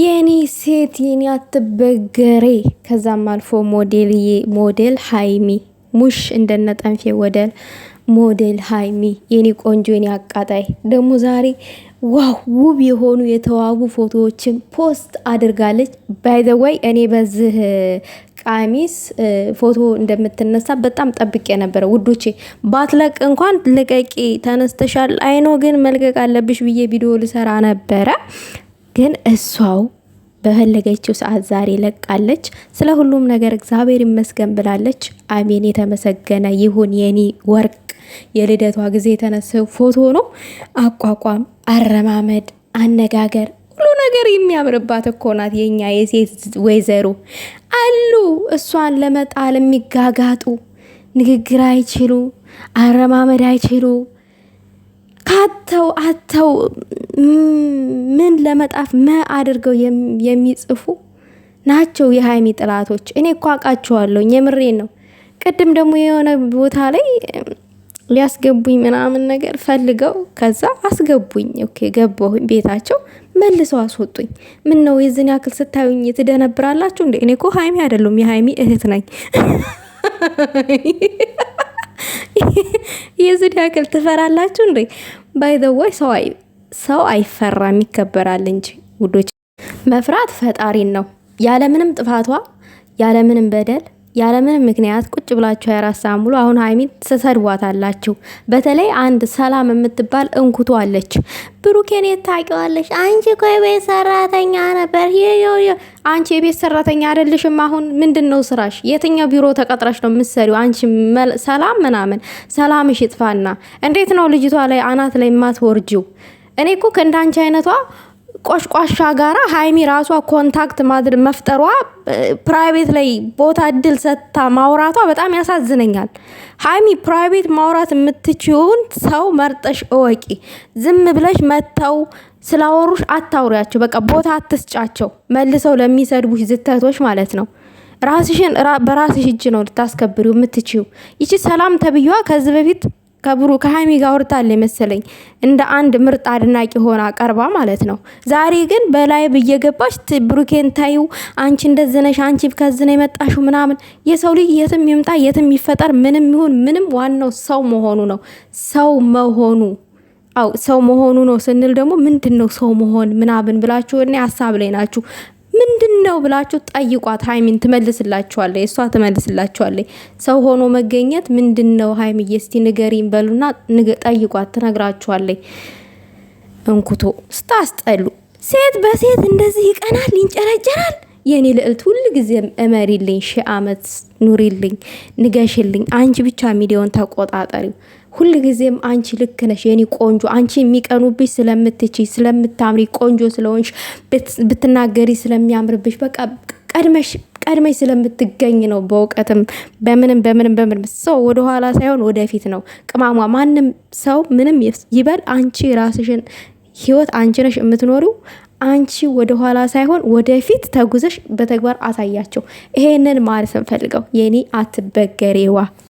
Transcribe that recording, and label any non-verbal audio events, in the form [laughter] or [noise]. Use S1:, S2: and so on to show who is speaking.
S1: የኔ ሴት የኔ አትበገሬ ከዛም አልፎ ሞዴልዬ ሞዴል ሀይሚ ሙሽ እንደነጠንፌ ወደል ሞዴል ሀይሚ የኔ ቆንጆ የኔ አቃጣይ ደግሞ ዛሬ ዋው ውብ የሆኑ የተዋቡ ፎቶዎችን ፖስት አድርጋለች። ባይዘወይ እኔ በዚህ ቀሚስ ፎቶ እንደምትነሳ በጣም ጠብቄ ነበረ ውዶቼ። ባትለቅ እንኳን ልቀቂ ተነስተሻል አይኖ ግን መልቀቅ አለብሽ ብዬ ቪዲዮ ልሰራ ነበረ ግን እሷው በፈለገችው ሰዓት ዛሬ ለቃለች። ስለ ሁሉም ነገር እግዚአብሔር ይመስገን ብላለች። አሜን፣ የተመሰገነ ይሁን የኔ ወርቅ። የልደቷ ጊዜ የተነሳው ፎቶ ነው። አቋቋም፣ አረማመድ፣ አነጋገር ሁሉ ነገር የሚያምርባት እኮ ናት የኛ የሴት ወይዘሮ። አሉ እሷን ለመጣል የሚጋጋጡ ንግግር አይችሉ፣ አረማመድ አይችሉ ካተው አተው ምን ለመጣፍ መ አድርገው የሚጽፉ ናቸው የሀይሚ ጥላቶች። እኔ እኮ አውቃችኋለሁ፣ የምሬን ነው። ቅድም ደግሞ የሆነ ቦታ ላይ ሊያስገቡኝ ምናምን ነገር ፈልገው ከዛ አስገቡኝ። ኦኬ ገባሁኝ፣ ቤታቸው መልሰው አስወጡኝ። ምን ነው የዝን ያክል ስታዩኝ ትደነብራላችሁ እንዴ? እኔ እኮ ሀይሚ አይደለሁም የሀይሚ እህት ነኝ። [laughs] የዝን ያክል ትፈራላችሁ እንዴ? ባይ ዘ ወይ ሰው ሰው አይፈራም ይከበራል እንጂ ውዶች፣ መፍራት ፈጣሪን ነው። ያለምንም ጥፋቷ ያለምንም በደል ያለምንም ምክንያት ቁጭ ብላችሁ የአራት ሰዓት ሙሉ አሁን ሀይሚን ትሰድቧታላችሁ። በተለይ አንድ ሰላም የምትባል እንኩቶ አለች። ብሩኬን ታውቂዋለሽ? አንቺ እኮ የቤት ሰራተኛ ነበር። አንቺ የቤት ሰራተኛ አይደለሽም። አሁን ምንድን ነው ስራሽ? የትኛው ቢሮ ተቀጥረሽ ነው የምትሰሪው? አንቺ ሰላም ምናምን ሰላምሽ ይጥፋና፣ እንዴት ነው ልጅቷ ላይ አናት ላይ የማትወርጂው? እኔ እኮ ከእንዳንቺ አይነቷ ቆሽቋሻ ጋራ ሀይሚ ራሷ ኮንታክት ማድረግ መፍጠሯ ፕራይቬት ላይ ቦታ እድል ሰጥታ ማውራቷ በጣም ያሳዝነኛል። ሀይሚ ፕራይቬት ማውራት የምትችውን ሰው መርጠሽ እወቂ። ዝም ብለሽ መጥተው ስላወሩሽ አታውሪያቸው። በቃ ቦታ አትስጫቸው፣ መልሰው ለሚሰድቡሽ ዝተቶች ማለት ነው። ራስሽን በራስሽ እጅ ነው ልታስከብሪው የምትችው። ይቺ ሰላም ተብዬዋ ከዚህ በፊት ከብሩ ከሀይሚ ጋር አውርታለች መሰለኝ እንደ አንድ ምርጥ አድናቂ ሆና ቀርባ ማለት ነው። ዛሬ ግን በላይ እየገባች ብሩኬን ታዩ አንቺ እንደዝነሽ አንቺ ከዝነ የመጣሹ ምናምን። የሰው ልጅ የትም ይምጣ የትም ይፈጠር ምንም ይሁን ምንም ዋናው ሰው መሆኑ ነው። ሰው መሆኑ አው ሰው መሆኑ ነው ስንል ደግሞ ምንድን ነው ሰው መሆን ምናምን ብላችሁ እኔ ሀሳብ ላይ ናችሁ። ምንድን ነው ብላችሁ ጠይቋት። ሀይሚን ትመልስላችኋለ፣ እሷ ትመልስላችኋለ። ሰው ሆኖ መገኘት ምንድን ነው? ሀይሚ የስቲ ንገሪን በሉና ጠይቋት፣ ትነግራችኋለ። እንኩቶ ስታስጠሉ ሴት በሴት እንደዚህ ይቀናል፣ ይንጨረጨራል። የእኔ ልዕልት ሁል ጊዜም እመሪልኝ፣ ሺህ ዓመት ኑሪልኝ፣ ንገሽልኝ። አንቺ ብቻ ሚዲያውን ተቆጣጠሪው። ሁል ጊዜም አንቺ ልክ ነሽ የኔ ቆንጆ። አንቺ የሚቀኑብሽ ስለምትች ስለምታምሪ፣ ቆንጆ ስለሆንሽ፣ ብትናገሪ ስለሚያምርብሽ በቃ ቀድመሽ ቀድመሽ ስለምትገኝ ነው። በእውቀትም በምንም በምንም በምንም ሰው ወደኋላ ሳይሆን ወደፊት ነው ቅማሟ። ማንም ሰው ምንም ይበል፣ አንቺ ራስሽን ህይወት አንቺ ነሽ የምትኖሪው። አንቺ ወደኋላ ሳይሆን ወደፊት ተጉዘሽ በተግባር አሳያቸው። ይሄንን ማለት እንፈልገው የኔ አትበገሬዋ